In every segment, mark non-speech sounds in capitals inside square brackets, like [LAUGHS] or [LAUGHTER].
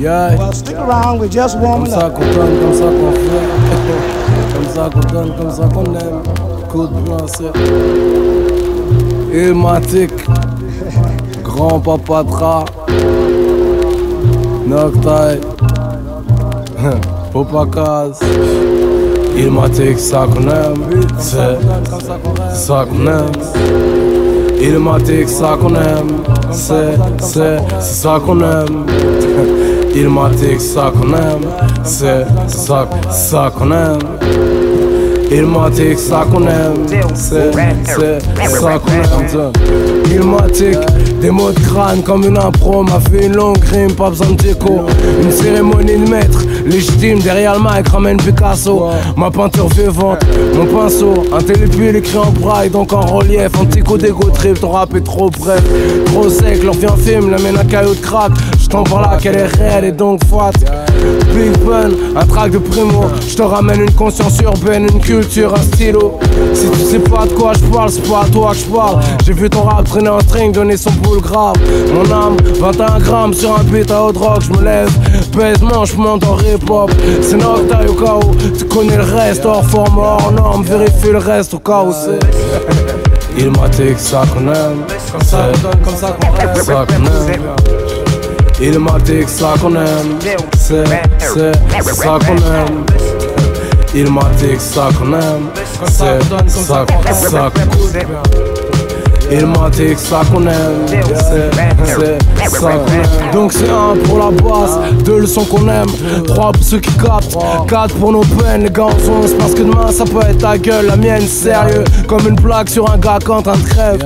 Yeah. Well, stick around, with just comme up. Comme ça qu'on donne, comme ça qu'on fait. [LAUGHS] comme ça qu'on donne, comme ça qu'on aime. Coup de Grand-papa Tra. [LAUGHS] ça qu'on aime. C'est ça qu'on aime. Il ça qu'on aime, c'est, c'est ça qu'on aime. [LAUGHS] Irmatik sakunem Se sak sakunem Il m'a dit que ça qu'on aime, c'est ça qu'on aime. Il m'a dit des mots de crâne comme une impro, m'a fait une longue rime, pas besoin de Une cérémonie de maître, légitime, derrière le mic, ramène Picasso. Ma peinture vivante, mon pinceau, un il écrit en braille, donc en relief. un coup dégo trip, ton rap est trop bref, trop sec, leur vient film, la mène à caillot de crack. J't'en parle là qu'elle est réelle et donc fat un track de primo. Je te ramène une conscience urbaine, une culture, un stylo. Si tu sais pas de quoi je parle, c'est pas à toi que je parle. J'ai vu ton rap traîner en string, donner son boule grave. Mon âme, 21 grammes sur un beat à haute rock, je me lève. Baisement, je monte en hip hop. C'est taille au cas tu connais le reste, hors forme, hors norme. Vérifie le reste au cas c'est. Il m'a dit que ça qu'on comme ça, comme ça ça Il martik sakunem Se, se, sakunem Il martik sakunem Se, sak, sak, sakunem Il que ça qu'on aime, c'est Donc c'est un pour la basse, deux leçons qu'on aime, trois pour ceux qui captent, quatre pour nos peines. Les gars, on parce que demain ça peut être ta gueule, la mienne, sérieux, comme une plaque sur un gars quand un crève.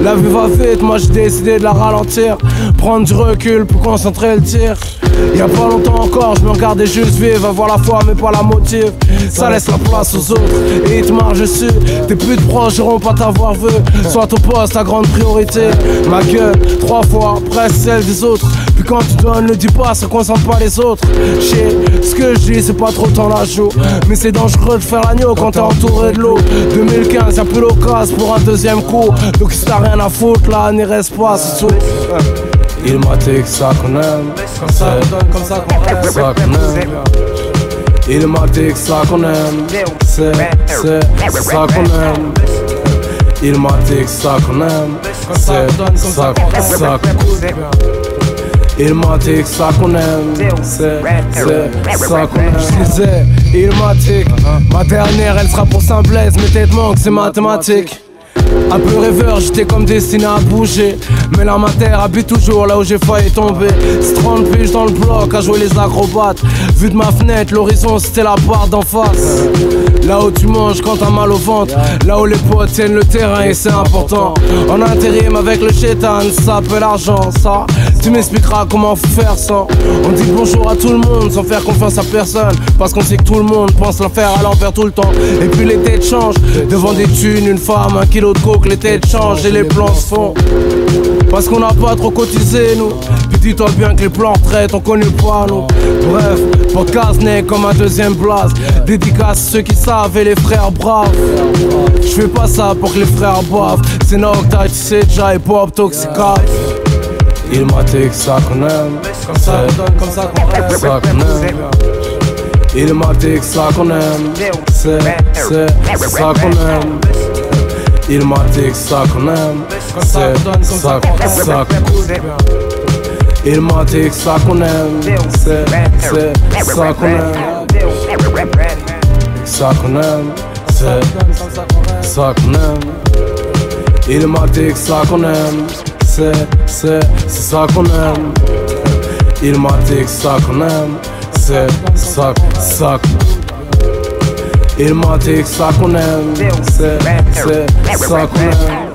La vie va vite, moi j'ai décidé de la ralentir, prendre du recul pour concentrer le tir. Y'a a pas longtemps encore, je me regardais juste vivre, avoir la foi mais pas la motive. Ça laisse la place aux autres et ils te marchent dessus. Tes plus de proches auront pas t'avoir vu, soit ton poste ta grande priorité. Ma gueule, trois fois après celle des autres. Puis quand tu donnes, ne dis pas, ça concentre pas les autres. Chez ce que je dis, c'est pas trop temps la joue. Mais c'est dangereux de faire l'agneau quand t'es entouré de l'eau. 2015, y'a plus l'occasion pour un deuxième coup. Donc si t'as rien à foutre, là, n'y reste pas, c'est tout. Il m'a dit que ça qu'on aime. ça, comme qu'on aime. Il m'a dit que ça qu'on aime. c'est, ça qu'on aime. Il m'a dit que ça qu'on aime, c'est ça, qu'on aime Il m'a dit que ça qu'on aime, c'est ça qu'on aime. Je disais, il m'a dit, uh-huh. ma dernière elle sera pour saint Mais mais t'es manque, c'est mathématique. Un peu rêveur, j'étais comme destiné à bouger. Mais là, ma terre habite toujours là où j'ai failli tomber. C'est 30 piges dans le bloc à jouer les acrobates. Vu de ma fenêtre, l'horizon c'était la barre d'en face. Là où tu manges quand t'as mal au ventre. Là où les potes tiennent le terrain et c'est important. En intérim avec le chétan, ça peut l'argent, ça. Tu m'expliqueras comment faire sans. On dit bonjour à tout le monde sans faire confiance à personne. Parce qu'on sait que tout le monde pense l'enfer à l'envers tout le temps. Et puis les têtes changent. Devant des thunes, une femme, un kilo de les têtes changent et les plans se font. Parce qu'on n'a pas trop cotisé, nous. Puis dis-toi bien que les plans retraites, on connaît pas, nous. Bref, podcast n'est comme un deuxième blast. Dédicace ceux qui savent et les frères braves. Je fais pas ça pour que les frères boivent. C'est Nocta, tu sais déjà, et pop Toxica. Il m'a dit que ça qu'on aime. Comme ça, comme ça qu'on aime. Ça Il m'a dit que ça qu'on aime. c'est ça qu'on aime. Il m'a se que sak quand même, c'est se ça Il m'a dit que ça qu'on aime, c'est, c'est ça se sak Ça qu'on aime, c'est ça qu'on Irmatik sakunem Se, se, sakunem